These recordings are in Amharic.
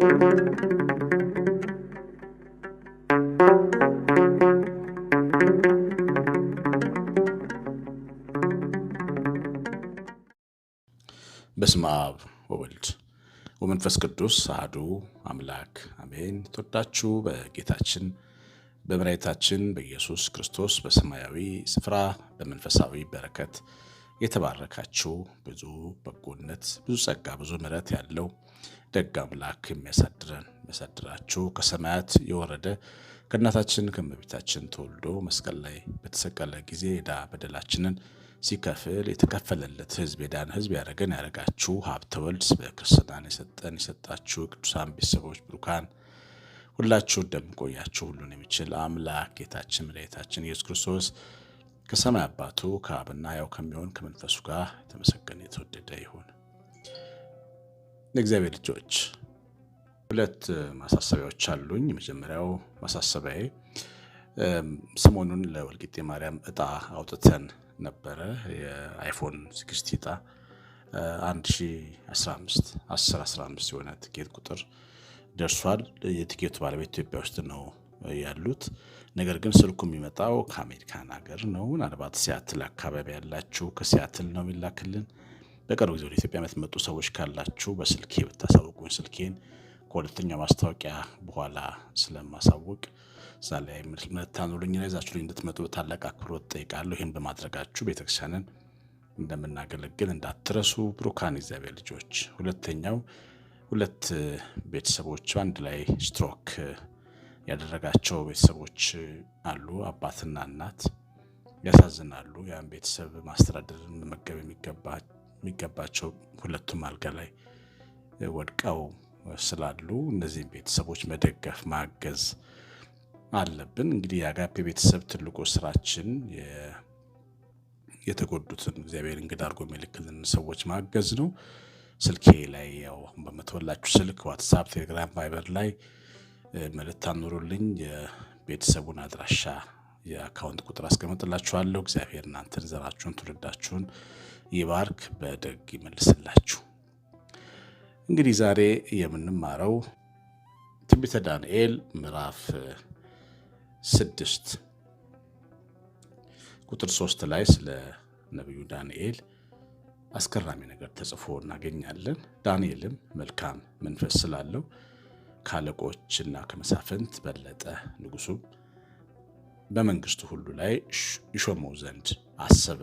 በስመ አብ ወወልድ ወመንፈስ ቅዱስ አህዱ አምላክ አሜን። ተወዳችሁ በጌታችን በመድኃኒታችን በኢየሱስ ክርስቶስ በሰማያዊ ስፍራ በመንፈሳዊ በረከት የተባረካችሁ ብዙ በጎነት፣ ብዙ ጸጋ፣ ብዙ ምሕረት ያለው ደግ አምላክ የሚያሳድረን የሚያሳድራችሁ ከሰማያት የወረደ ከእናታችን ከእመቤታችን ተወልዶ መስቀል ላይ በተሰቀለ ጊዜ ዕዳ በደላችንን ሲከፍል የተከፈለለት ህዝብ የዳን ህዝብ ያደረገን ያደረጋችሁ ሀብተ ወልድ በክርስትናን የሰጠን የሰጣችሁ ቅዱሳን ቤተሰቦች ብሩካን ሁላችሁ እንደምቆያችሁ ሁሉን የሚችል አምላክ ጌታችን መድኃኒታችን ኢየሱስ ክርስቶስ ከሰማይ አባቱ ከአብና ያው ከሚሆን ከመንፈሱ ጋር የተመሰገነ የተወደደ ይሁን። ለእግዚአብሔር ልጆች ሁለት ማሳሰቢያዎች አሉኝ። የመጀመሪያው ማሳሰቢያ ሰሞኑን ለወልቂጤ ማርያም እጣ አውጥተን ነበረ። የአይፎን ሲክስቲ እጣ 1015 1015 የሆነ ትኬት ቁጥር ደርሷል። የትኬቱ ባለቤት ኢትዮጵያ ውስጥ ነው ያሉት ነገር ግን ስልኩ የሚመጣው ከአሜሪካን ሀገር ነው። ምናልባት ሲያትል አካባቢ ያላችሁ ከሲያትል ነው የሚላክልን። በቅርብ ጊዜ ወደ ኢትዮጵያ የምትመጡ ሰዎች ካላችሁ በስልኬ ብታሳውቁኝ፣ ስልኬን ከሁለተኛው ማስታወቂያ በኋላ ስለማሳወቅ እዛ ላይ ምታኑልኝ ላይ ዛችሁ ላይ እንድትመጡ ታላቅ አክብሮት ጠይቃለሁ። ይህን በማድረጋችሁ ቤተክርስቲያንን እንደምናገለግል እንዳትረሱ። ብሩካን እግዚአብሔር ልጆች። ሁለተኛው ሁለት ቤተሰቦች አንድ ላይ ስትሮክ ያደረጋቸው ቤተሰቦች አሉ። አባትና እናት ያሳዝናሉ። ያን ቤተሰብ ማስተዳደር መመገብ የሚገባቸው ሁለቱም አልጋ ላይ ወድቀው ስላሉ እነዚህም ቤተሰቦች መደገፍ ማገዝ አለብን። እንግዲህ የአጋፔ ቤተሰብ ትልቁ ስራችን የተጎዱትን እግዚአብሔር እንግዳ አድርጎ የሚልክልን ሰዎች ማገዝ ነው። ስልኬ ላይ ያው በመተወላችሁ ስልክ ዋትሳፕ፣ ቴሌግራም፣ ቫይበር ላይ መልእክት አኑሩልኝ። የቤተሰቡን አድራሻ የአካውንት ቁጥር አስቀምጥላችኋለሁ። እግዚአብሔር እናንተን ዘራችሁን ትውልዳችሁን ይባርክ፣ በደግ ይመልስላችሁ። እንግዲህ ዛሬ የምንማረው ትንቢተ ዳንኤል ምዕራፍ ስድስት ቁጥር ሶስት ላይ ስለ ነቢዩ ዳንኤል አስገራሚ ነገር ተጽፎ እናገኛለን። ዳንኤልም መልካም መንፈስ ስላለው ካለቆችና ከመሳፍንት በለጠ። ንጉሱም በመንግስቱ ሁሉ ላይ ይሾመው ዘንድ አሰበ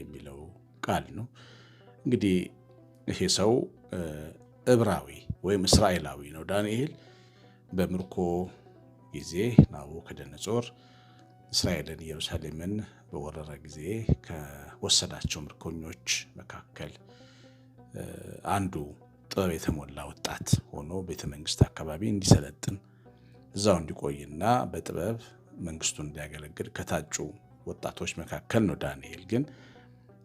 የሚለው ቃል ነው። እንግዲህ ይሄ ሰው እብራዊ ወይም እስራኤላዊ ነው። ዳንኤል በምርኮ ጊዜ ናቡከደነጾር እስራኤልን ኢየሩሳሌምን በወረረ ጊዜ ከወሰዳቸው ምርኮኞች መካከል አንዱ ጥበብ የተሞላ ወጣት ሆኖ ቤተመንግስት አካባቢ እንዲሰለጥን እዛው እንዲቆይና በጥበብ መንግስቱን እንዲያገለግል ከታጩ ወጣቶች መካከል ነው። ዳንኤል ግን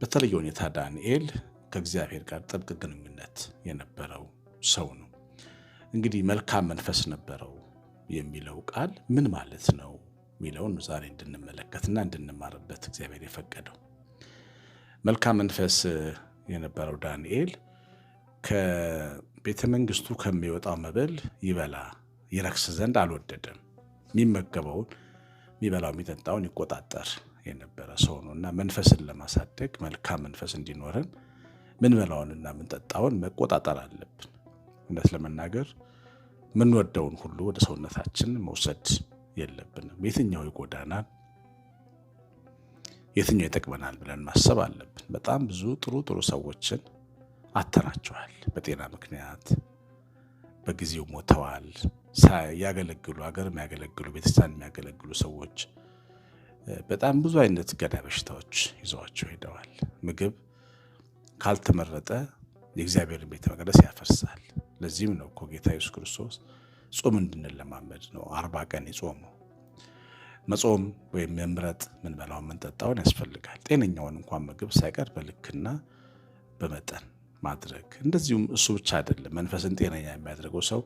በተለየ ሁኔታ ዳንኤል ከእግዚአብሔር ጋር ጥብቅ ግንኙነት የነበረው ሰው ነው። እንግዲህ መልካም መንፈስ ነበረው የሚለው ቃል ምን ማለት ነው የሚለውን ዛሬ እንድንመለከትና እንድንማርበት እግዚአብሔር የፈቀደው መልካም መንፈስ የነበረው ዳንኤል ከቤተ መንግስቱ ከሚወጣው መብል ይበላ ይረክስ ዘንድ አልወደደም። የሚመገበውን የሚበላው የሚጠጣውን ይቆጣጠር የነበረ ሰው ነው እና መንፈስን ለማሳደግ መልካም መንፈስ እንዲኖረን ምንበላውንና ምንጠጣውን መቆጣጠር አለብን። እውነት ለመናገር ምንወደውን ሁሉ ወደ ሰውነታችን መውሰድ የለብንም። የትኛው ይጎዳናል፣ የትኛው ይጠቅመናል ብለን ማሰብ አለብን። በጣም ብዙ ጥሩ ጥሩ ሰዎችን አተናቸዋል። በጤና ምክንያት በጊዜው ሞተዋል። ያገለግሉ ሀገር የሚያገለግሉ ቤተሰብ የሚያገለግሉ ሰዎች በጣም ብዙ አይነት ገዳ በሽታዎች ይዘዋቸው ሄደዋል። ምግብ ካልተመረጠ የእግዚአብሔርን ቤተ መቅደስ ያፈርሳል። ለዚህም ነው እኮ ጌታ ኢየሱስ ክርስቶስ ጾም እንድንለማመድ ነው አርባ ቀን የጾመው። መጾም ወይም መምረጥ ምንበላውን ምንጠጣውን ያስፈልጋል። ጤነኛውን እንኳን ምግብ ሳይቀር በልክና በመጠን ማድረግ እንደዚሁም እሱ ብቻ አይደለም መንፈስን ጤነኛ የሚያደርገው ሰው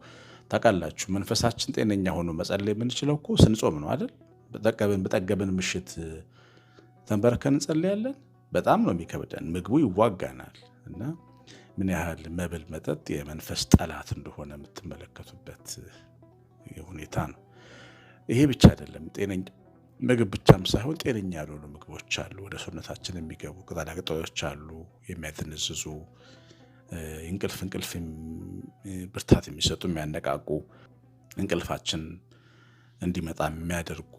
ታውቃላችሁ መንፈሳችን ጤነኛ ሆኖ መጸለይ የምንችለው እኮ ስንጾም ነው አይደል በጠገብን በጠገብን ምሽት ተንበርከን እንጸልያለን በጣም ነው የሚከብደን ምግቡ ይዋጋናል እና ምን ያህል መብል መጠጥ የመንፈስ ጠላት እንደሆነ የምትመለከቱበት ሁኔታ ነው ይሄ ብቻ አይደለም ጤነኛ ምግብ ብቻም ሳይሆን ጤነኛ ያልሆኑ ምግቦች አሉ ወደ ሰውነታችን የሚገቡ ቅጠላቅጠሎች አሉ የሚያደንዝዙ። እንቅልፍ እንቅልፍ ብርታት የሚሰጡ የሚያነቃቁ እንቅልፋችን እንዲመጣ የሚያደርጉ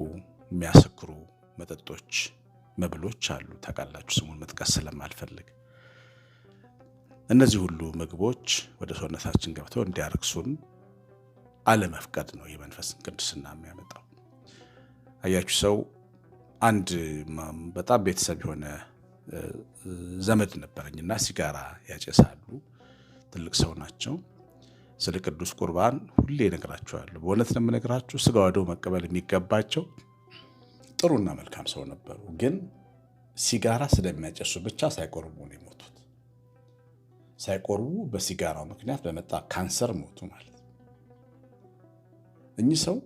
የሚያሰክሩ መጠጦች፣ መብሎች አሉ። ታውቃላችሁ፣ ስሙን መጥቀስ ስለማልፈልግ እነዚህ ሁሉ ምግቦች ወደ ሰውነታችን ገብተው እንዲያረክሱን አለመፍቀድ ነው የመንፈስን ቅድስና የሚያመጣው። አያችሁ ሰው አንድ በጣም ቤተሰብ የሆነ ዘመድ ነበረኝና ሲጋራ ያጨሳሉ። ትልቅ ሰው ናቸው። ስለ ቅዱስ ቁርባን ሁሌ እነግራቸዋለሁ። በእውነት ነው የምነግራችሁ። ስጋ ወደው መቀበል የሚገባቸው ጥሩና መልካም ሰው ነበሩ። ግን ሲጋራ ስለሚያጨሱ ብቻ ሳይቆርቡ ነው የሞቱት። ሳይቆርቡ በሲጋራው ምክንያት በመጣ ካንሰር ሞቱ ማለት ነው። እኚህ ሰው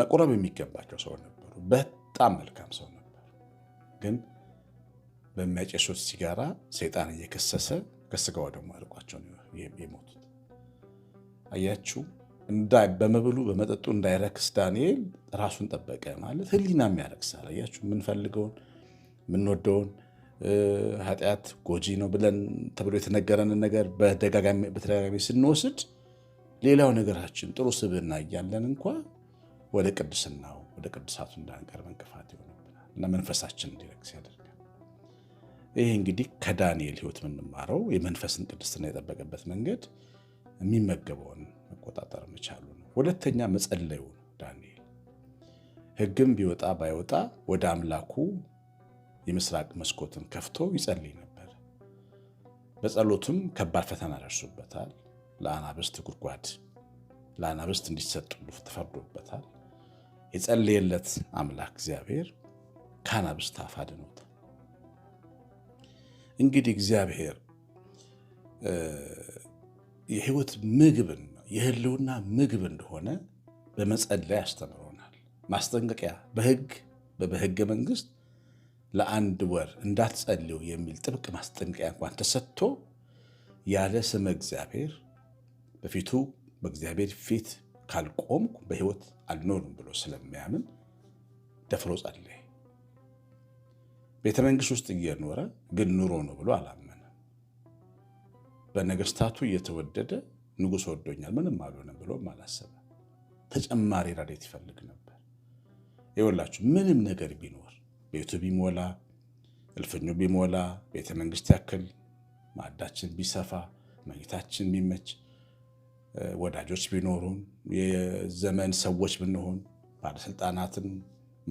መቁረብ የሚገባቸው ሰው ነበሩ። በጣም መልካም ሰው ነበሩ ግን በሚያጨሱት ሲጋራ ሰይጣን እየከሰሰ ከስጋው ደግሞ ያልቋቸው የሞቱት አያችሁ። እንዳይ በመብሉ በመጠጡ እንዳይረክስ ዳንኤል ራሱን ጠበቀ ማለት ህሊናም ያረክሳል። አያችሁ፣ የምንፈልገውን የምንወደውን ኃጢአት ጎጂ ነው ብለን ተብሎ የተነገረንን ነገር በተደጋጋሚ ስንወስድ ሌላው ነገራችን ጥሩ ስብዕና እያለን እንኳ ወደ ቅድስናው ወደ ቅዱሳቱ እንዳንቀርብ እንቅፋት ይሆንብናል እና መንፈሳችን እንዲረክስ ያደርጋል። ይህ እንግዲህ ከዳንኤል ህይወት የምንማረው የመንፈስን ቅድስና የጠበቀበት መንገድ የሚመገበውን መቆጣጠር መቻሉ ነው። ሁለተኛ መጸለዩ ነው። ዳንኤል ህግም ቢወጣ ባይወጣ ወደ አምላኩ የምስራቅ መስኮትን ከፍቶ ይጸልይ ነበር። በጸሎቱም ከባድ ፈተና ደርሶበታል። ለአናብስት ጉድጓድ ለአናብስት እንዲሰጡ ተፈርዶበታል። የጸለየለት አምላክ እግዚአብሔር ከአናብስት አፍ አድኖታል። እንግዲህ እግዚአብሔር የህይወት ምግብን የህልውና ምግብ እንደሆነ በመጸለይ ያስተምሮናል። ማስጠንቀቂያ በህግ በህገ መንግስት ለአንድ ወር እንዳትጸልዩ የሚል ጥብቅ ማስጠንቀቂያ እንኳን ተሰጥቶ ያለ ስመ እግዚአብሔር በፊቱ በእግዚአብሔር ፊት ካልቆምኩ በህይወት አልኖርም ብሎ ስለሚያምን ደፍሮ ጸለየ። ቤተ መንግስት ውስጥ እየኖረ ግን ኑሮ ነው ብሎ አላመነ። በነገስታቱ እየተወደደ ንጉሥ ወዶኛል ምንም አልሆነም ብሎም አላሰበ። ተጨማሪ ረድኤት ይፈልግ ነበር። ይወላችሁ ምንም ነገር ቢኖር ቤቱ ቢሞላ፣ እልፍኙ ቢሞላ፣ ቤተ መንግስት ያክል ማዕዳችን ቢሰፋ፣ መኝታችን ቢመች፣ ወዳጆች ቢኖሩን፣ የዘመን ሰዎች ብንሆን፣ ባለስልጣናትን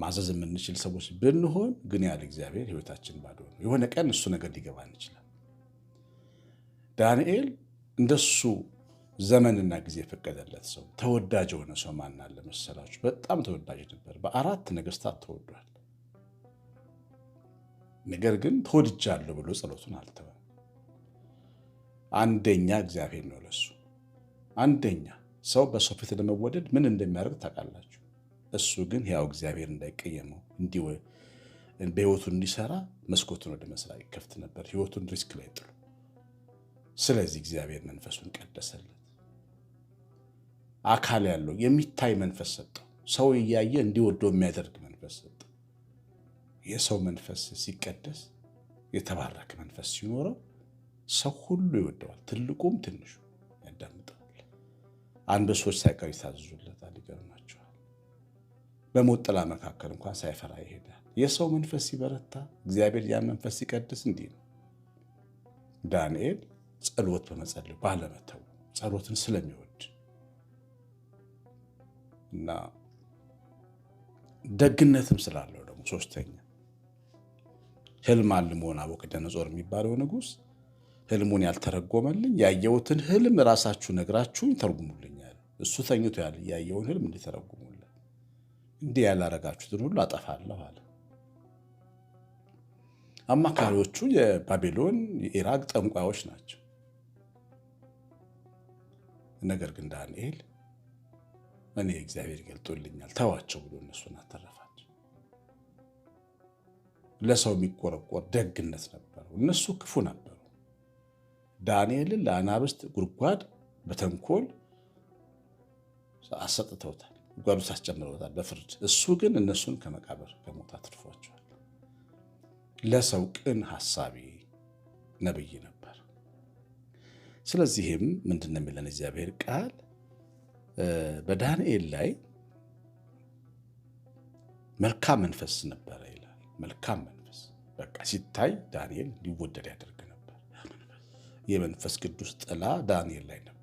ማዘዝ የምንችል ሰዎች ብንሆን ግን ያለ እግዚአብሔር ህይወታችን ባዶ ነው። የሆነ ቀን እሱ ነገር ሊገባን ይችላል። ዳንኤል እንደሱ ዘመንና ጊዜ የፈቀደለት ሰው ተወዳጅ የሆነ ሰው ማን አለ መሰላችሁ? በጣም ተወዳጅ ነበር። በአራት ነገስታት ተወዷል። ነገር ግን ተወድጃለሁ ብሎ ጸሎቱን አልተወም። አንደኛ እግዚአብሔር ነው ለሱ አንደኛ። ሰው በሰው ፊት ለመወደድ ምን እንደሚያደርግ ታውቃላችሁ? እሱ ግን ያው እግዚአብሔር እንዳይቀየመው እንዲወ በህይወቱ እንዲሰራ መስኮቱን ወደ መስራቅ ይከፍት ነበር። ህይወቱን ሪስክ ላይ ጥሉ። ስለዚህ እግዚአብሔር መንፈሱን ቀደሰለት። አካል ያለው የሚታይ መንፈስ ሰጠው። ሰው እያየ እንዲወደው የሚያደርግ መንፈስ ሰጠው። የሰው መንፈስ ሲቀደስ የተባረከ መንፈስ ሲኖረው ሰው ሁሉ ይወደዋል። ትልቁም ትንሹ ያዳምጠዋል። አንበሶች ሳይቀር ይታዘዙለት በሞት ጥላ መካከል እንኳን ሳይፈራ ይሄዳል። የሰው መንፈስ ሲበረታ እግዚአብሔር ያን መንፈስ ሲቀድስ እንዲህ ነው። ዳንኤል ጸሎት በመጸለይ ባለመተው ጸሎትን ስለሚወድ እና ደግነትም ስላለው ደግሞ ሶስተኛ ህልም አልሞን ናቡከደነጾር የሚባለው ንጉስ ህልሙን ያልተረጎመልኝ ያየሁትን ህልም ራሳችሁ ነግራችሁኝ ተርጉሙልኛል። እሱ ተኝቶ ያየውን ህልም እንዲተረጉሙ እንዲህ ያላረጋችሁትን ሁሉ አጠፋለሁ አለ። አማካሪዎቹ የባቢሎን የኢራቅ ጠንቋዮች ናቸው። ነገር ግን ዳንኤል እኔ እግዚአብሔር ገልጦልኛል ተዋቸው ብሎ እነሱን አተረፋቸው። ለሰው የሚቆረቆር ደግነት ነበረው፣ እነሱ ክፉ ነበሩ። ዳንኤልን ለአናብስት ጉድጓድ በተንኮል አሰጥተውታል። ጓብሳት ጨምረውታል በፍርድ እሱ ግን እነሱን ከመቃብር ከሞት አትርፏቸዋል። ለሰው ቅን ሐሳቢ ነብይ ነበር። ስለዚህም ምንድን ነው የሚለን እግዚአብሔር ቃል በዳንኤል ላይ መልካም መንፈስ ነበረ ይላል። መልካም መንፈስ በቃ ሲታይ ዳንኤል ሊወደድ ያደርግ ነበር። የመንፈስ ቅዱስ ጥላ ዳንኤል ላይ ነበር።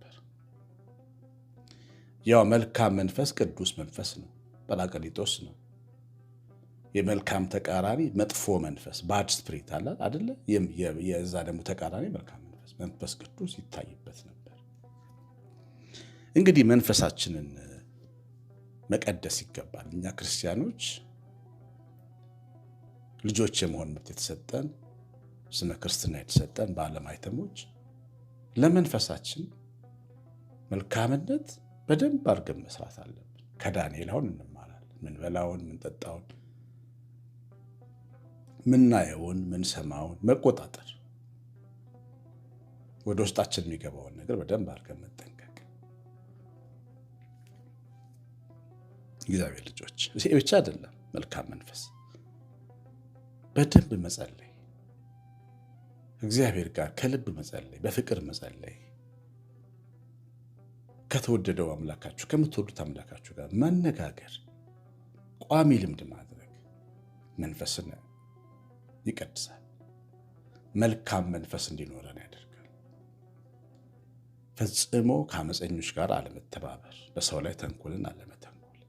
ያው መልካም መንፈስ ቅዱስ መንፈስ ነው፣ ጰራቅሊጦስ ነው። የመልካም ተቃራኒ መጥፎ መንፈስ ባድ ስፕሪት አለ አደለ? የዛ ደግሞ ተቃራኒ መልካም መንፈስ መንፈስ ቅዱስ ይታይበት ነበር። እንግዲህ መንፈሳችንን መቀደስ ይገባል። እኛ ክርስቲያኖች ልጆች የመሆን መብት የተሰጠን ስመ ክርስትና የተሰጠን በዓለም አይተሞች ለመንፈሳችን መልካምነት በደንብ አድርገን መስራት አለብን። ከዳንኤል አሁን እንማራለን። ምንበላውን፣ ምንጠጣውን፣ ምናየውን፣ ምንሰማውን መቆጣጠር፣ ወደ ውስጣችን የሚገባውን ነገር በደንብ አድርገን መጠንቀቅ። እግዚአብሔር ልጆች ብቻ አይደለም፣ መልካም መንፈስ በደንብ መጸለይ፣ እግዚአብሔር ጋር ከልብ መጸለይ፣ በፍቅር መጸለይ ከተወደደው አምላካችሁ ከምትወዱት አምላካችሁ ጋር መነጋገር ቋሚ ልምድ ማድረግ መንፈስን ይቀድሳል። መልካም መንፈስ እንዲኖረን ያደርጋል። ፈጽሞ ከአመፀኞች ጋር አለመተባበር፣ በሰው ላይ ተንኮልን አለመተንኮል፣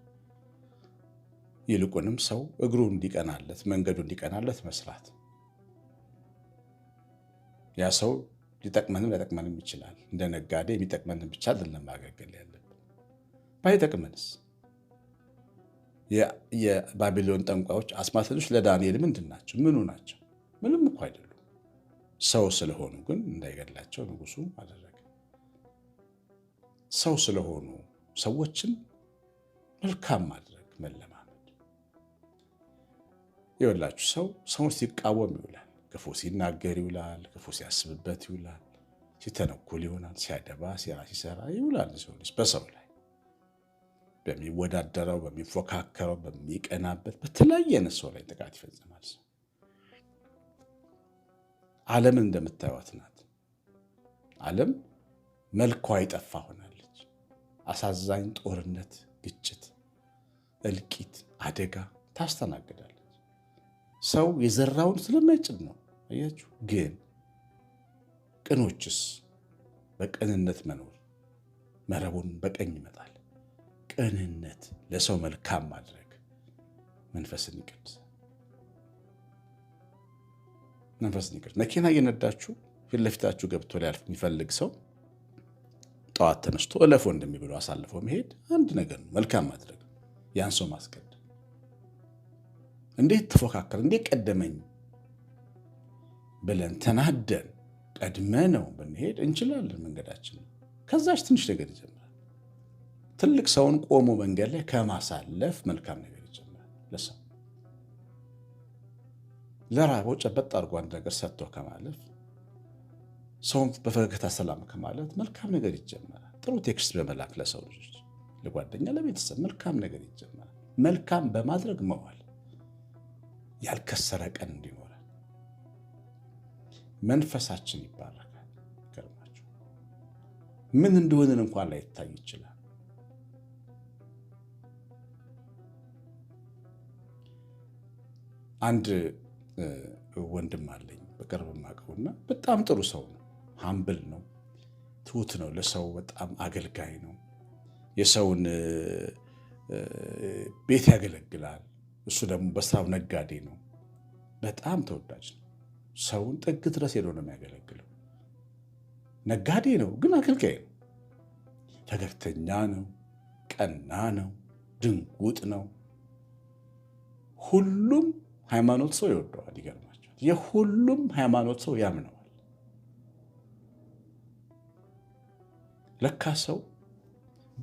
ይልቁንም ሰው እግሩ እንዲቀናለት መንገዱ እንዲቀናለት መስራት ያ ሰው ሊጠቅመንም ሊጠቅመንም ይችላል። እንደ ነጋዴ የሚጠቅመንም ብቻ አይደለም ማገልገል ያለብን። ባይጠቅመንስ? የባቢሎን ጠንቋዮች፣ አስማተኞች ለዳንኤል ምንድን ናቸው? ምኑ ናቸው? ምንም እኮ አይደሉም። ሰው ስለሆኑ ግን እንዳይገድላቸው ንጉሱ አደረገ። ሰው ስለሆኑ ሰዎችን መልካም ማድረግ መለማመድ። ይኸውላችሁ ሰው ሰውን ሲቃወም ይውላል። ክፉ ሲናገር ይውላል። ክፉ ሲያስብበት ይውላል። ሲተነኩል ይሆናል። ሲያደባ፣ ሴራ ሲሰራ ይውላል። ሰው ልጅ በሰው ላይ በሚወዳደረው፣ በሚፎካከረው፣ በሚቀናበት በተለያየ አይነት ሰው ላይ ጥቃት ይፈጽማል። ሰው ዓለምን እንደምታዩት ናት። ዓለም መልኳ የጠፋ ሆናለች። አሳዛኝ ጦርነት፣ ግጭት፣ እልቂት፣ አደጋ ታስተናግዳለች። ሰው የዘራውን ስለማይጭድ ነው አያችሁ። ግን ቅኖችስ በቅንነት መኖር መረቡን በቀኝ ይመጣል። ቅንነት፣ ለሰው መልካም ማድረግ መንፈስን ይቀድሳል። መንፈስን ይቀድሳል። መኪና እየነዳችሁ ፊት ለፊታችሁ ገብቶ ሊያልፍ የሚፈልግ ሰው ጠዋት ተነስቶ እለፎ እንደሚብሎ አሳልፎ መሄድ አንድ ነገር ነው። መልካም ማድረግ ያን ሰው ማስቀደም። እንዴት ተፎካከል፣ እንዴት ቀደመኝ ብለን ተናደን ቀድመ ነው ብንሄድ እንችላለን። መንገዳችን ከዛች ትንሽ ነገር ይጀምራል። ትልቅ ሰውን ቆሞ መንገድ ላይ ከማሳለፍ መልካም ነገር ይጀምራል። ለሰው ለራበው ጨበጥ አድርጎ አንድ ነገር ሰጥቶ ከማለፍ ሰውን በፈገግታ ሰላም ከማለት መልካም ነገር ይጀመራል። ጥሩ ቴክስት በመላክ ለሰው ልጆች፣ ለጓደኛ፣ ለቤተሰብ መልካም ነገር ይጀመራል። መልካም በማድረግ መዋል ያልከሰረ ቀን እንዲሁ መንፈሳችን ይባረካል። ይገርማችሁ ምን እንደሆንን እንኳን ላይታይ ይችላል። አንድ ወንድም አለኝ በቅርብ ማቀውና በጣም ጥሩ ሰው ነው። ሀምብል ነው፣ ትሁት ነው፣ ለሰው በጣም አገልጋይ ነው። የሰውን ቤት ያገለግላል። እሱ ደግሞ በስራው ነጋዴ ነው። በጣም ተወዳጅ ነው። ሰውን ጥግ ድረስ ሄዶ ነው የሚያገለግለው። ነጋዴ ነው፣ ግን አገልጋይ ነው። ፈገግተኛ ነው፣ ቀና ነው፣ ድንጉጥ ነው። ሁሉም ሃይማኖት ሰው ይወደዋል። ይገርማቸዋል። የሁሉም ሃይማኖት ሰው ያምነዋል። ለካ ሰው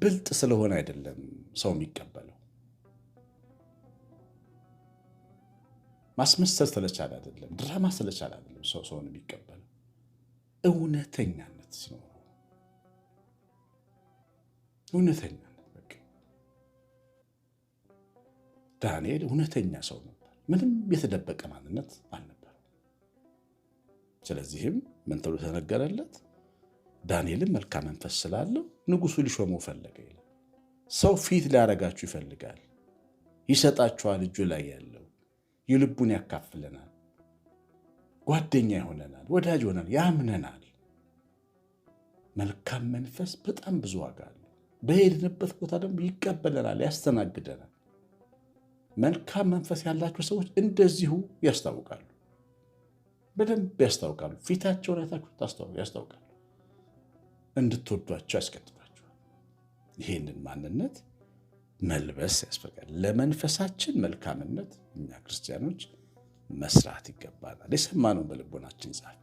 ብልጥ ስለሆነ አይደለም ሰው የሚቀበለው ማስመሰል ስለቻለ አይደለም፣ ድራማ ስለቻለ አይደለም ሰው ሰውን የሚቀበለው እውነተኛነት ሲኖሩ እውነተኛነት በቃ ዳንኤል እውነተኛ ሰው ነበር። ምንም የተደበቀ ማንነት አልነበረም። ስለዚህም ምን ተብሎ ተነገረለት? ዳንኤልም መልካም መንፈስ ስላለው ንጉሱ ሊሾመው ፈለገ ይላል። ሰው ፊት ሊያረጋችሁ ይፈልጋል፣ ይሰጣችኋል። እጁ ላይ ያለው የልቡን ያካፍለናል፣ ጓደኛ ይሆነናል፣ ወዳጅ ሆነናል፣ ያምነናል። መልካም መንፈስ በጣም ብዙ ዋጋ አለ። በሄድንበት ቦታ ደግሞ ይቀበለናል፣ ያስተናግደናል። መልካም መንፈስ ያላቸው ሰዎች እንደዚሁ ያስታውቃሉ፣ በደንብ ያስታውቃሉ። ፊታቸውን አይታችሁ ያስታውቃሉ። እንድትወዷቸው ያስከትሏቸዋል። ይህንን ማንነት መልበስ ያስፈልጋል። ለመንፈሳችን መልካምነት እኛ ክርስቲያኖች መስራት ይገባናል። የሰማነውን በልቦናችን ጻፍ።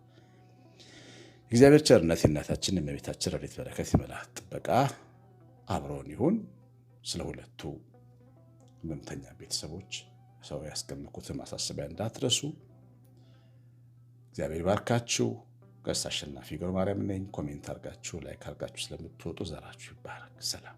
እግዚአብሔር ቸርነት የእናታችን የእመቤታችን ረድኤት በረከት የመላእክት ጥበቃ አብሮን ይሁን። ስለ ሁለቱ ህመምተኛ ቤተሰቦች ሰው ያስቀመጥኩትን ማሳሰቢያ እንዳትረሱ። እግዚአብሔር ባርካችሁ። ቀሲስ አሸናፊ ገብረ ማርያም ነኝ። ኮሜንት አርጋችሁ ላይክ አርጋችሁ ስለምትወጡ ዘራችሁ ይባረክ። ሰላም